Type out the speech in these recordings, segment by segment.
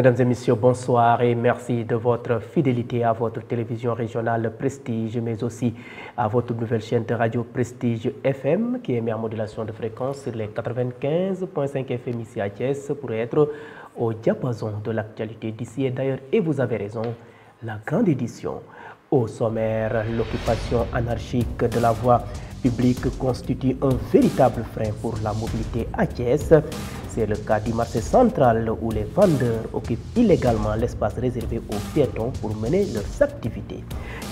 Mesdames et messieurs, bonsoir et merci de votre fidélité à votre télévision régionale Prestige, mais aussi à votre nouvelle chaîne de radio Prestige FM qui est mis en modulation de fréquence sur les 95.5 FM ici à Thiès pour être au diapason de l'actualité d'ici et d'ailleurs. Et vous avez raison, la grande édition. Au sommaire, l'occupation anarchique de la voie publique constitue un véritable frein pour la mobilité à Thiès. C'est le cas du marché central où les vendeurs occupent illégalement l'espace réservé aux piétons pour mener leurs activités.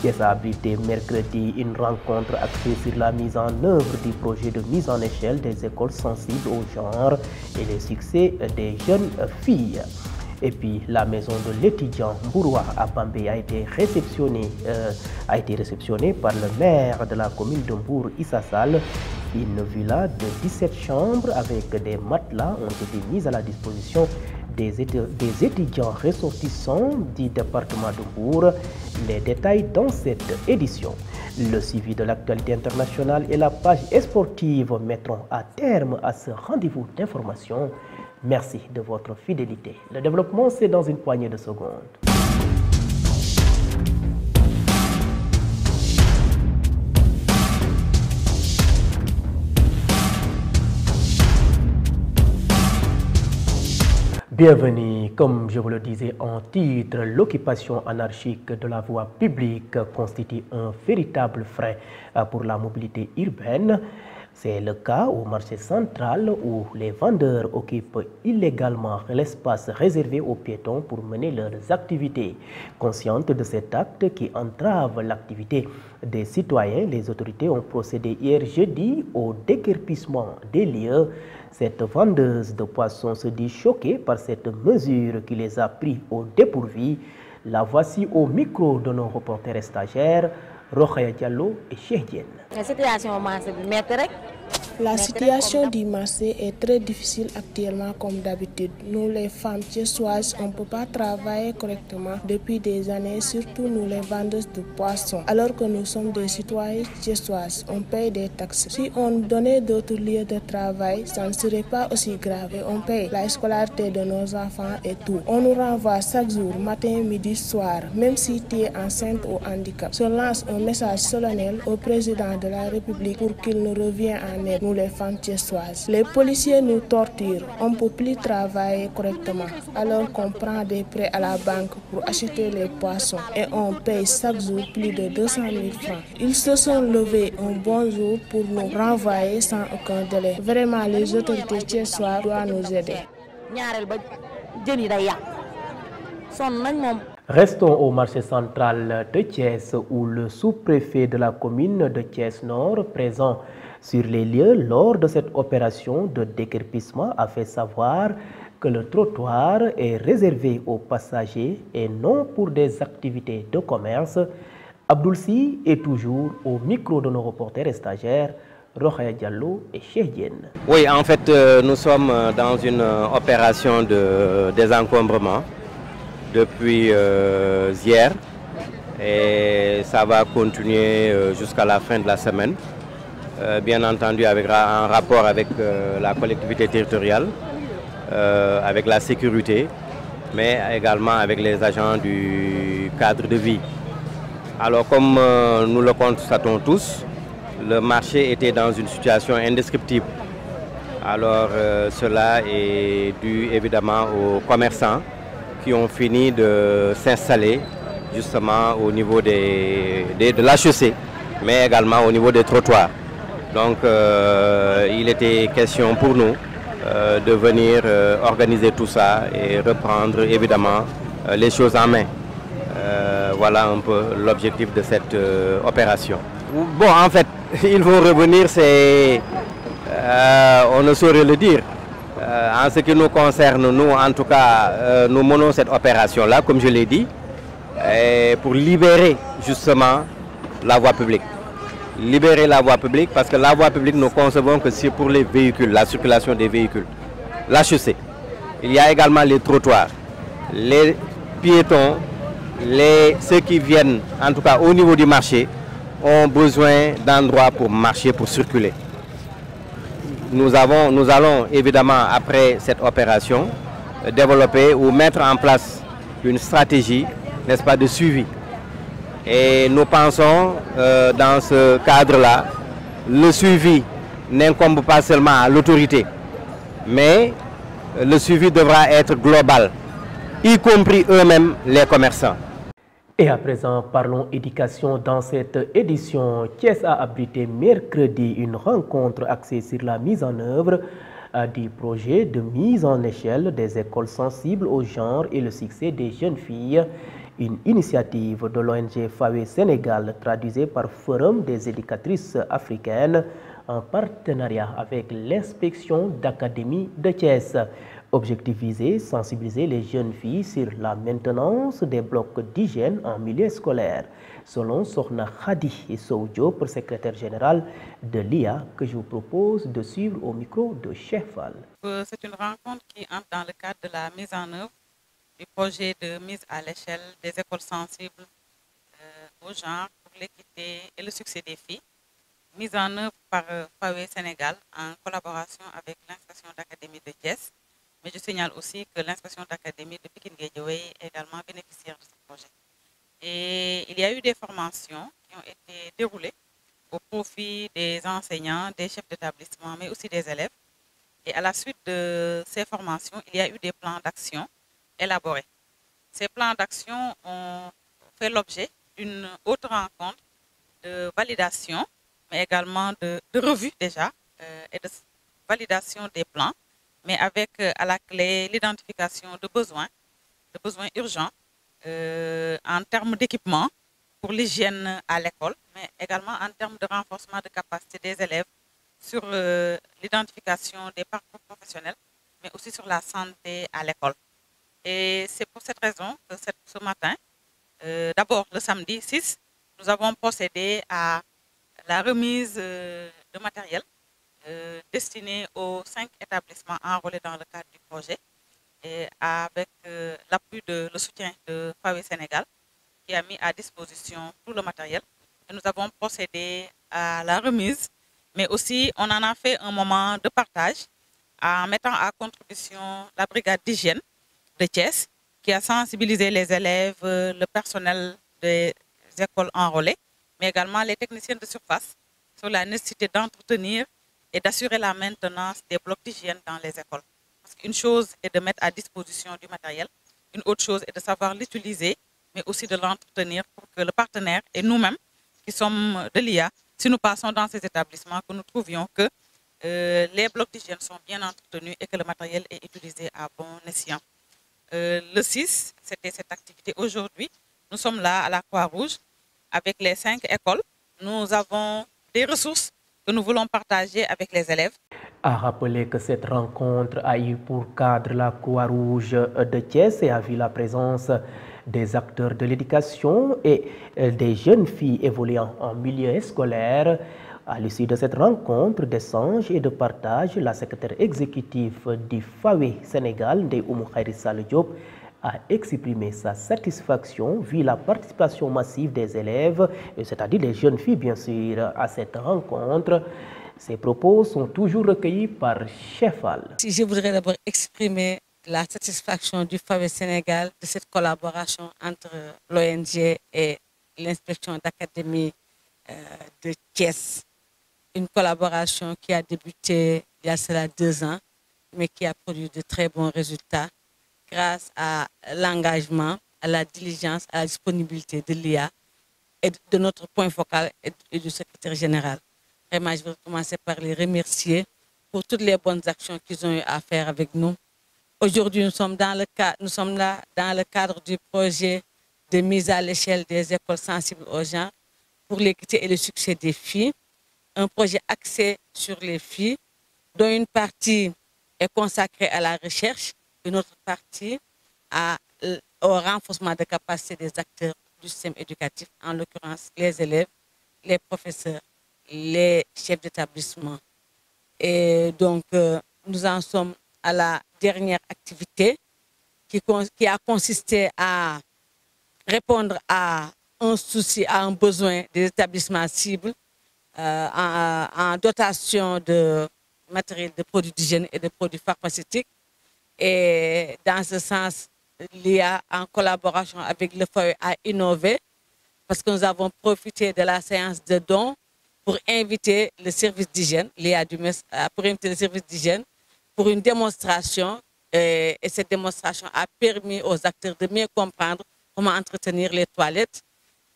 Yes a habité mercredi une rencontre axée sur la mise en œuvre du projet de mise en échelle des écoles sensibles au genre et le succès des jeunes filles. Et puis la maison de l'étudiant Bouroua à Bambé a été réceptionnée, euh, a été réceptionnée par le maire de la commune de Mbour, Issassal, une villa de 17 chambres avec des matelas ont été mises à la disposition des étudiants ressortissants du département de Bourg. Les détails dans cette édition. Le suivi de l'actualité internationale et la page sportive mettront à terme à ce rendez-vous d'information. Merci de votre fidélité. Le développement, c'est dans une poignée de secondes. Bienvenue, comme je vous le disais en titre, l'occupation anarchique de la voie publique constitue un véritable frein euh, pour la mobilité urbaine. C'est le cas au marché central où les vendeurs occupent illégalement l'espace réservé aux piétons pour mener leurs activités. Conscientes de cet acte qui entrave l'activité des citoyens, les autorités ont procédé hier jeudi au décrépissement des lieux. Cette vendeuse de poissons se dit choquée par cette mesure qui les a pris au dépourvu. La voici au micro de nos reporters stagiaires. Rokhaya Diallo et Cheikh Diène. situation marché bi métti rek. La situation du marché est très difficile actuellement comme d'habitude. Nous les femmes soises, on ne peut pas travailler correctement depuis des années, surtout nous les vendeuses de poissons. Alors que nous sommes des citoyens soises, on paye des taxes. Si on donnait d'autres lieux de travail, ça ne serait pas aussi grave on paye la scolarité de nos enfants et tout. On nous renvoie chaque jour, matin, midi, soir, même si tu es enceinte ou handicap. Se lance un message solennel au président de la République pour qu'il nous revienne en nous les femmes tiessoises. Les policiers nous torturent, on ne peut plus travailler correctement, alors qu'on prend des prêts à la banque pour acheter les poissons et on paye chaque jour plus de 200 000 francs. Ils se sont levés un bon jour pour nous renvoyer sans aucun délai. Vraiment, les autorités tiessoises doivent nous aider. Restons au marché central de Thiès où le sous-préfet de la commune de Thiès-Nord, présent sur les lieux lors de cette opération de décrépissement a fait savoir que le trottoir est réservé aux passagers et non pour des activités de commerce. Abdoulsi est toujours au micro de nos reporters et stagiaires Rokhaya Diallo et Cheikh Oui, en fait, euh, nous sommes dans une euh, opération de désencombrement depuis euh, hier et ça va continuer jusqu'à la fin de la semaine. Euh, bien entendu avec, en rapport avec euh, la collectivité territoriale, euh, avec la sécurité, mais également avec les agents du cadre de vie. Alors comme nous le constatons tous, le marché était dans une situation indescriptible. Alors cela est dû évidemment aux commerçants qui ont fini de s'installer justement au niveau des, des de l'HEC, mais également au niveau des trottoirs. Donc euh, il était question pour nous euh, de venir euh, organiser tout ça et reprendre évidemment les choses en main. voilà un peu l'objectif de cette opération. Bon, en fait, ils vont revenir, c'est... on ne saurait le dire. en ce qui nous concerne, nous, en tout cas, nous menons cette opération-là, comme je l'ai dit, pour libérer justement la voie publique libérer la voie publique parce que la voie publique, nous concevons que c'est pour les véhicules, la circulation des véhicules. la chaussée. Il y a également les trottoirs, les piétons, les, ceux qui viennent, en tout cas au niveau du marché, ont besoin d'endroits pour marcher, pour circuler. Nous, avons, nous allons évidemment, après cette opération, développer ou mettre en place une stratégie, n'est-ce pas, de suivi et nous pensons, euh, dans ce cadre-là, le suivi n'incombe pas seulement à l'autorité, mais le suivi devra être global, y compris eux-mêmes les commerçants. Et à présent, parlons éducation. Dans cette édition, Thiès a abrité mercredi une rencontre axée sur la mise en œuvre euh, du projet de mise en échelle des écoles sensibles au genre et le succès des jeunes filles une initiative de l'ONG FAWE Sénégal traduisée par Forum des éducatrices africaines en partenariat avec l'inspection d'académie de Thiès. Objectif visé, sensibiliser les jeunes filles sur la maintenance des blocs d'hygiène en milieu scolaire, selon Sorna Khadi et pour secrétaire général de l'IA, que je vous propose de suivre au micro de Chefal. Euh, c'est une rencontre qui entre dans le cadre de la mise en œuvre du projet de mise à l'échelle des écoles sensibles euh, aux au genre pour l'équité et le succès des filles, mise en œuvre par FAWE euh, Sénégal en collaboration avec l'inspection d'académie de Thiès. Mais je signale aussi que l'inspection d'académie de pékin Guédioué est également bénéficiaire de ce projet. Et il y a eu des formations qui ont été déroulées au profit des enseignants, des chefs d'établissement, mais aussi des élèves. Et à la suite de ces formations, il y a eu des plans d'action élaborés. Ces plans d'action ont fait l'objet d'une autre rencontre de validation, mais également de, revue déjà, euh, et de validation des plans, mais avec euh, à la clé l'identification de besoins, de besoins urgents euh, en termes d'équipement pour l'hygiène à l'école, mais également en termes de renforcement de capacité des élèves sur l'identification des parcours professionnels, mais aussi sur la santé à l'école. Et c'est pour cette raison que ce matin, euh, d'abord le samedi 6, nous avons procédé à la remise euh, de matériel euh, destiné aux cinq établissements enrôlés dans le cadre du projet et avec l'appui de le soutien de Huawei Sénégal qui a mis à disposition tout le matériel. nous avons procédé à la remise, mais aussi on en a fait un moment de partage en mettant à contribution la brigade d'hygiène de qui a sensibilisé les élèves, euh, le personnel des écoles enrôlées, mais également les techniciens de surface sur la nécessité d'entretenir et d'assurer la maintenance des blocs d'hygiène dans les écoles. Parce qu'une chose est de mettre à disposition du matériel, une autre chose est de savoir l'utiliser, mais aussi de l'entretenir pour que le partenaire et nous-mêmes, qui sommes de l'IA, si nous passons dans ces établissements, que nous trouvions que euh, les blocs d'hygiène sont bien entretenus et que le matériel est utilisé à bon escient. Euh, le 6, c'était cette activité. Aujourd'hui, nous sommes là à la Croix-Rouge avec les cinq écoles. Nous avons des ressources que nous voulons partager avec les élèves. A rappeler que cette rencontre a eu pour cadre la Croix-Rouge de Thiès et a vu la présence des acteurs de l'éducation et des jeunes filles évoluant en milieu scolaire. À l'issue de cette rencontre d'échange et de partage, la secrétaire exécutive du FAWE Sénégal, Ndeyoumou Khairissal Diop, a exprimé sa satisfaction vu la participation massive des élèves, c'est-à-dire des jeunes filles bien sûr, à cette rencontre. Ses propos sont toujours recueillis par Chefal. je voudrais d'abord exprimer la satisfaction du FAWE Sénégal de cette collaboration entre l'ONG et l'inspection d'académie euh, de Thiès une collaboration qui a débuté il y a cela deux ans, mais qui a produit de très bons résultats grâce à l'engagement, à la diligence, à la disponibilité de l'IA et de notre point focal et du secrétaire général. Vraiment, je vais commencer par les remercier pour toutes les bonnes actions qu'ils ont eu à faire avec nous. Aujourd'hui, nous sommes, dans le cadre, nous sommes là dans le cadre du projet de mise à l'échelle des écoles sensibles aux gens pour l'équité et le succès des filles un projet axé sur les filles, dont une partie est consacrée à la recherche, une autre partie au renforcement des capacités des acteurs du système éducatif, en l'occurrence les élèves, les professeurs, les chefs d'établissement. Et donc, euh, nous en sommes à la dernière activité qui, qui a consisté à répondre à un souci, à un besoin des établissements cibles euh, euh, en, dotation de matériel de produits d'hygiène et de produits pharmaceutiques. Et dans ce sens, l'IA, en collaboration avec le FOI, a innové parce que nous avons profité de la séance de dons pour inviter le service d'hygiène, l'IA du euh, pour inviter le service d'hygiène pour une démonstration. Et, et cette démonstration a permis aux acteurs de mieux comprendre comment entretenir les toilettes.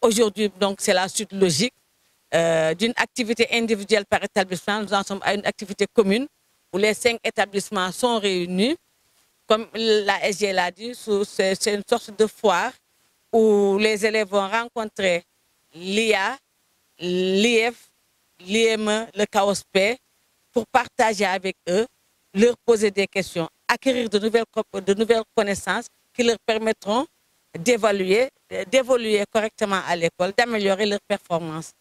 Aujourd'hui, donc, c'est la suite logique euh, d'une activité individuelle par établissement. Nous en sommes à une activité commune où les cinq établissements sont réunis. Comme la SGL a dit, c'est une sorte de foire où les élèves vont rencontrer l'IA, l'IF, l'IME, le CAOSP pour partager avec eux, leur poser des questions, acquérir de nouvelles, de nouvelles connaissances qui leur permettront d'évaluer, d'évoluer correctement à l'école, d'améliorer leur performance.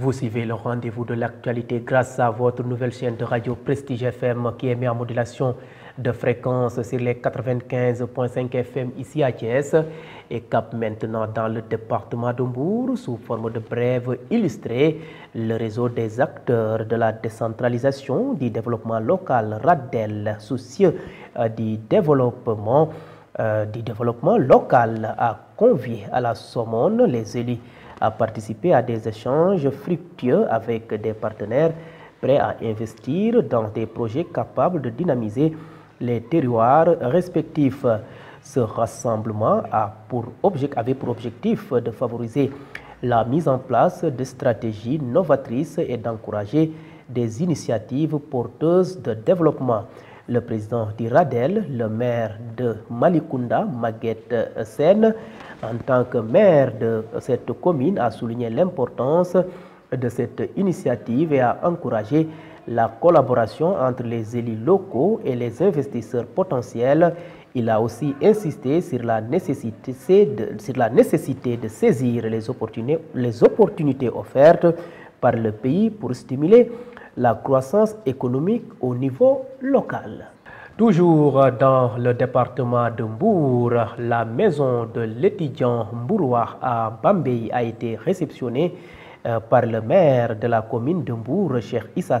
Vous suivez le rendez-vous de l'actualité grâce à votre nouvelle chaîne de radio Prestige FM qui est mise en modulation de fréquence sur les 95.5 FM ici à Thiès et cap maintenant dans le département d'Ombourg sous forme de brève illustrée le réseau des acteurs de la décentralisation du développement local RADEL soucieux euh, du développement euh, du développement local a convié à la Sommone les élus à participer à des échanges fructueux avec des partenaires prêts à investir dans des projets capables de dynamiser les terroirs respectifs. Ce rassemblement a pour objectif, avait pour objectif de favoriser la mise en place de stratégies novatrices et d'encourager des initiatives porteuses de développement. Le président Radel, le maire de Malikunda, Maguette Sen, en tant que maire de cette commune, a souligné l'importance de cette initiative et a encouragé la collaboration entre les élus locaux et les investisseurs potentiels. Il a aussi insisté sur la nécessité de, saisir les opportunités offertes par le pays pour stimuler la croissance économique au niveau local. Toujours dans le département de la maison de l'étudiant mbourois à Bambay a été réceptionnée euh, par le maire de la commune de Mbour, Cheikh Issa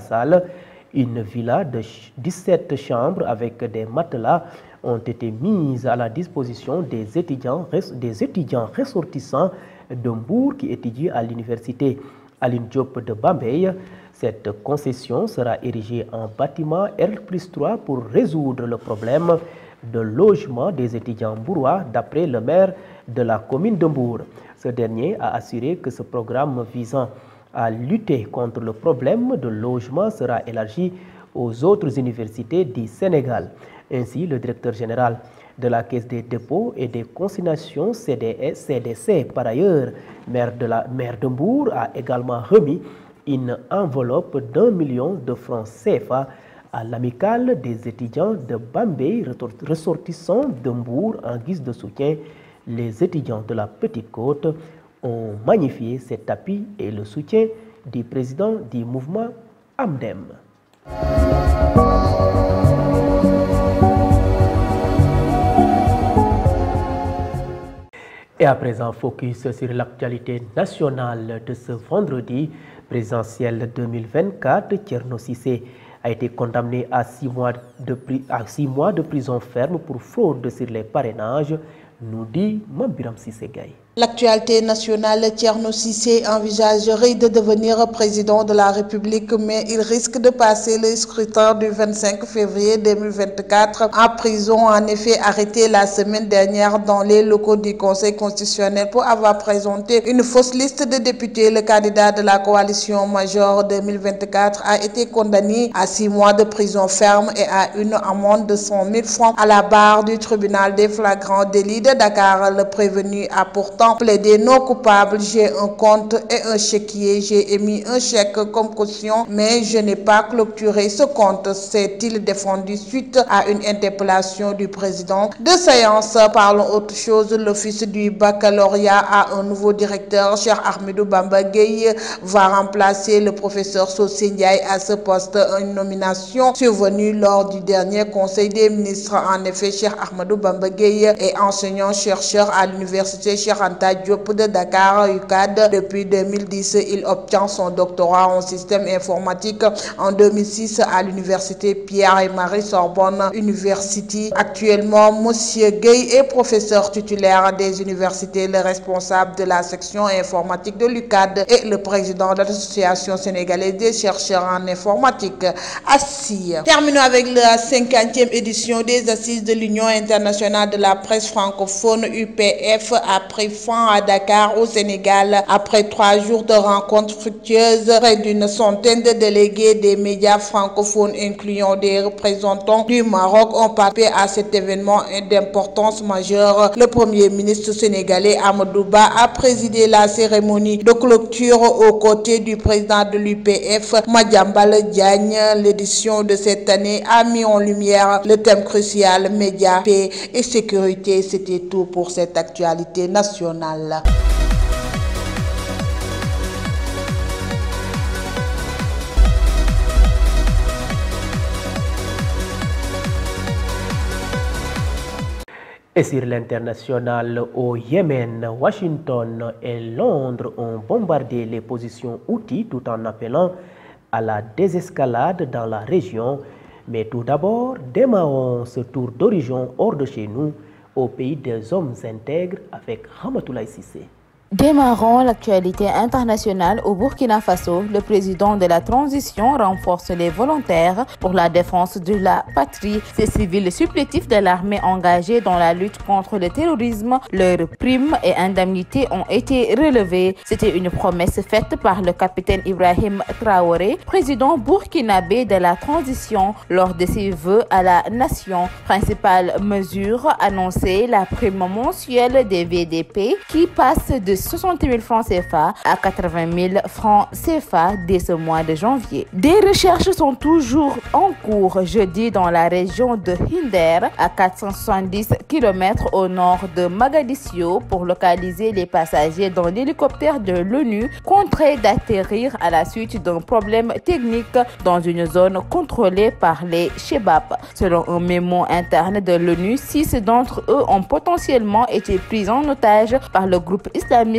Une villa de 17 chambres avec des matelas ont été mises à la disposition des étudiants, des étudiants ressortissants de Mbour qui étudient à l'université Aline Diop de Bambay. Cette concession sera érigée en bâtiment R3 pour résoudre le problème de logement des étudiants bourrois d'après le maire de la commune de Mbourg. Ce dernier a assuré que ce programme visant à lutter contre le problème de logement sera élargi aux autres universités du Sénégal. Ainsi, le directeur général de la Caisse des dépôts et des consignations CDS, e, CDC. Par ailleurs, maire de la maire de a également remis une enveloppe d'un million de francs CFA à l'amicale des étudiants de Bambay ressortissant de en guise de soutien. Les étudiants de la Petite Côte ont magnifié cet tapis et le soutien du président du mouvement AMDEM. à présent focus sur l'actualité nationale de ce vendredi présidentiel 2024. Tcherno Sissé a été condamné à six, mois de, prison ferme pour fraude sur les parrainages, nous dit Mambiram Sissé Gaye. L'actualité nationale, Tierno Sissé envisagerait de devenir président de la République, mais il risque de passer le scrutin du 25 février 2024 à prison. En effet, arrêté la semaine dernière dans les locaux du Conseil constitutionnel pour avoir présenté une fausse liste de députés, le candidat de la coalition majeure 2024 a été condamné à six mois de prison ferme et à une amende de 100 000 francs à la barre du tribunal des flagrants délits de Dakar. Le prévenu a pourtant plaider plaidé non coupable, j'ai un compte et un chéquier, j'ai émis un chèque comme caution, mais je n'ai pas clôturé ce compte, s'est-il défendu suite à une interpellation du président de séance. Parlons autre chose, l'office du baccalauréat a un nouveau directeur, cher Bamba Bambagay, va remplacer le professeur Sosignay à ce poste, une nomination survenue lors du dernier conseil des ministres. En effet, cher armado Bambagay est enseignant-chercheur à l'université cher Diop de Dakar UCAD. Depuis 2010, il obtient son doctorat en système informatique en 2006 à l'université Pierre et Marie Sorbonne University. Actuellement, Monsieur Gay est professeur titulaire des universités, le responsable de la section informatique de l'UCAD et le président de l'Association sénégalaise des chercheurs en informatique, Assis. Terminons avec la 50 édition des Assises de l'Union internationale de la presse francophone UPF après fin à Dakar au Sénégal après trois jours de rencontres fructueuses. Près d'une centaine de délégués des médias francophones incluant des représentants du Maroc ont participé à cet événement d'importance majeure. Le premier ministre sénégalais Amadouba a présidé la cérémonie de clôture aux côtés du président de l'UPF, Madjambal Diagne. L'édition de cette année a mis en lumière le thème crucial médias, paix et sécurité. C'était tout pour cette actualité nationale. Et sur l'international, au Yémen, Washington et Londres ont bombardé les positions outils tout en appelant à la désescalade dans la région. Mais tout d'abord, démarrons ce tour d'origine hors de chez nous au pays des hommes intègres avec Ramatoulaye Sissé. Démarrons l'actualité internationale au Burkina Faso. Le président de la transition renforce les volontaires pour la défense de la patrie. Ces civils supplétifs de l'armée engagés dans la lutte contre le terrorisme, leurs primes et indemnités ont été relevées. C'était une promesse faite par le capitaine Ibrahim Traoré, président burkinabé de la transition, lors de ses vœux à la nation. Principale mesure annoncée, la prime mensuelle des VDP qui passe de 60 000 francs CFA à 80 000 francs CFA dès ce mois de janvier. Des recherches sont toujours en cours jeudi dans la région de Hinder à 470 km au nord de Magadiscio pour localiser les passagers dans l'hélicoptère de l'ONU contraint d'atterrir à la suite d'un problème technique dans une zone contrôlée par les Shebab. Selon un mémo interne de l'ONU, six d'entre eux ont potentiellement été pris en otage par le groupe islamique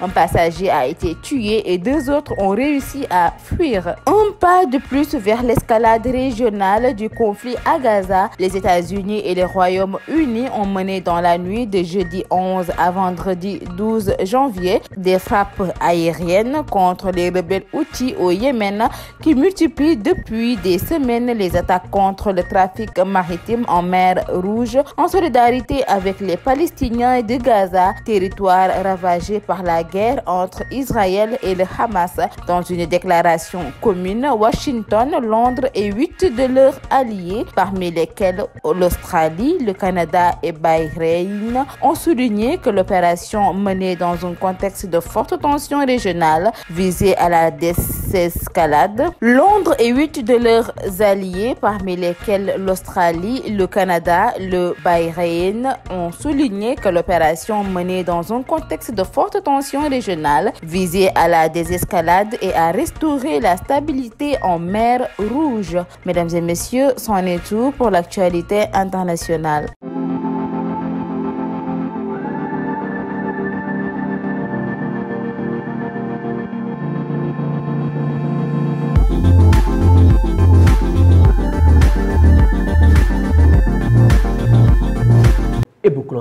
un passager a été tué et deux autres ont réussi à fuir. Un pas de plus vers l'escalade régionale du conflit à Gaza, les États-Unis et les Royaumes-Unis ont mené dans la nuit de jeudi 11 à vendredi 12 janvier des frappes aériennes contre les rebelles outils au Yémen qui multiplient depuis des semaines les attaques contre le trafic maritime en mer Rouge en solidarité avec les Palestiniens de Gaza, territoire ravagé par la guerre entre Israël et le Hamas. Dans une déclaration commune, Washington, Londres et huit de leurs alliés, parmi lesquels l'Australie, le Canada et Bahreïn, ont souligné que l'opération menée dans un contexte de forte tension régionale visée à la désescalade. Londres et huit de leurs alliés, parmi lesquels l'Australie, le Canada, le Bahreïn, ont souligné que l'opération menée dans un contexte de forte tensions régionales visées à la désescalade et à restaurer la stabilité en mer Rouge. Mesdames et messieurs, c'en est tout pour l'actualité internationale.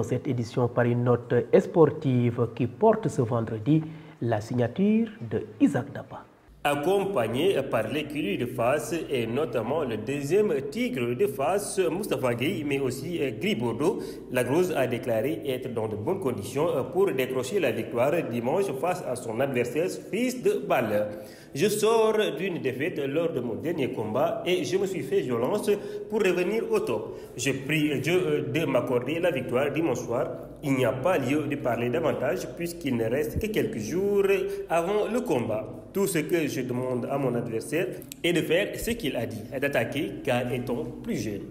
cette édition par une note sportive qui porte ce vendredi la signature de Isaac Dapa accompagné par l'écurie de face et notamment le deuxième tigre de face, Mustafa Gueye, mais aussi euh, Gris La Grosse a déclaré être dans de bonnes conditions euh, pour décrocher la victoire dimanche face à son adversaire fils de balle. Je sors d'une défaite lors de mon dernier combat et je me suis fait violence pour revenir au top. Je prie Dieu euh, de m'accorder la victoire dimanche soir il n'y a pas lieu de parler davantage puisqu'il ne reste que quelques jours avant le combat. Tout ce que je demande à mon adversaire est de faire ce qu'il a dit, d'attaquer car étant plus jeune.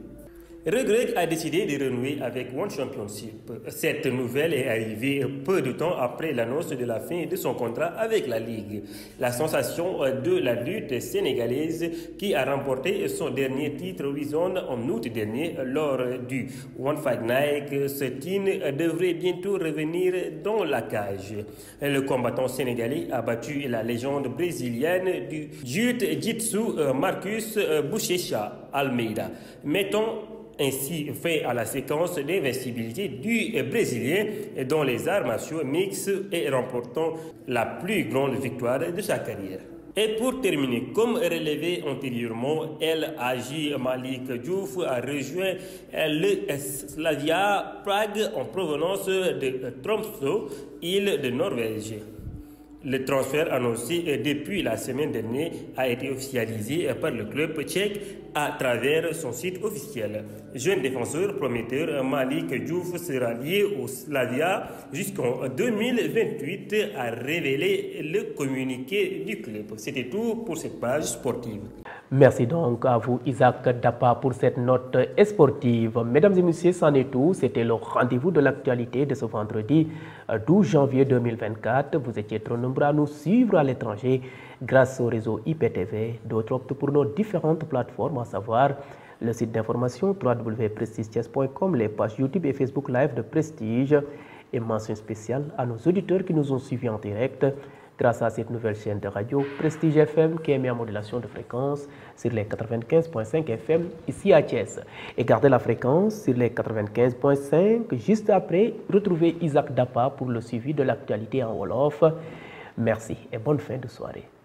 Regreg a décidé de renouer avec One Championship. Cette nouvelle est arrivée peu de temps après l'annonce de la fin de son contrat avec la Ligue. La sensation de la lutte sénégalaise qui a remporté son dernier titre Wizon en août dernier lors du One Fight Night, team devrait bientôt revenir dans la cage. Le combattant sénégalais a battu la légende brésilienne du Jiu-Jitsu Marcus Bouchecha Almeida. Mettons ainsi fait à la séquence d'investibilité du Brésilien dont les arts martiaux mixtes et remportant la plus grande victoire de sa carrière. Et pour terminer, comme relevé antérieurement, El Malik Djouf a rejoint le Slavia Prague en provenance de Tromsø, île de Norvège. Le transfert annoncé euh, depuis la semaine dernière a été officialisé euh, par le club tchèque à travers son site officiel. Jeune défenseur prometteur, euh, Malik Djouf sera lié au Slavia jusqu'en 2028, a révélé le communiqué du club. C'était tout pour cette page sportive. Merci donc à vous Isaac Dapa pour cette note sportive. Mesdames et messieurs, c'en est tout. C'était le rendez-vous de l'actualité de ce vendredi 12 euh, janvier 2024. Vous étiez trop nombreux à nous suivre à l'étranger grâce au réseau IPTV. D'autres optent pour nos différentes plateformes, à savoir le site d'information www.prestiges.com, les pages YouTube et Facebook Live de Prestige. Et mention spéciale à nos auditeurs qui nous ont suivis en direct grâce à cette nouvelle chaîne de radio Prestige FM qui est mis en modulation de fréquence sur les 95.5 FM ici à Thiès. Et gardez la fréquence sur les 95.5. Juste après, retrouvez Isaac Dapa pour le suivi de l'actualité en Wolof. Merci et bonne fin de soirée.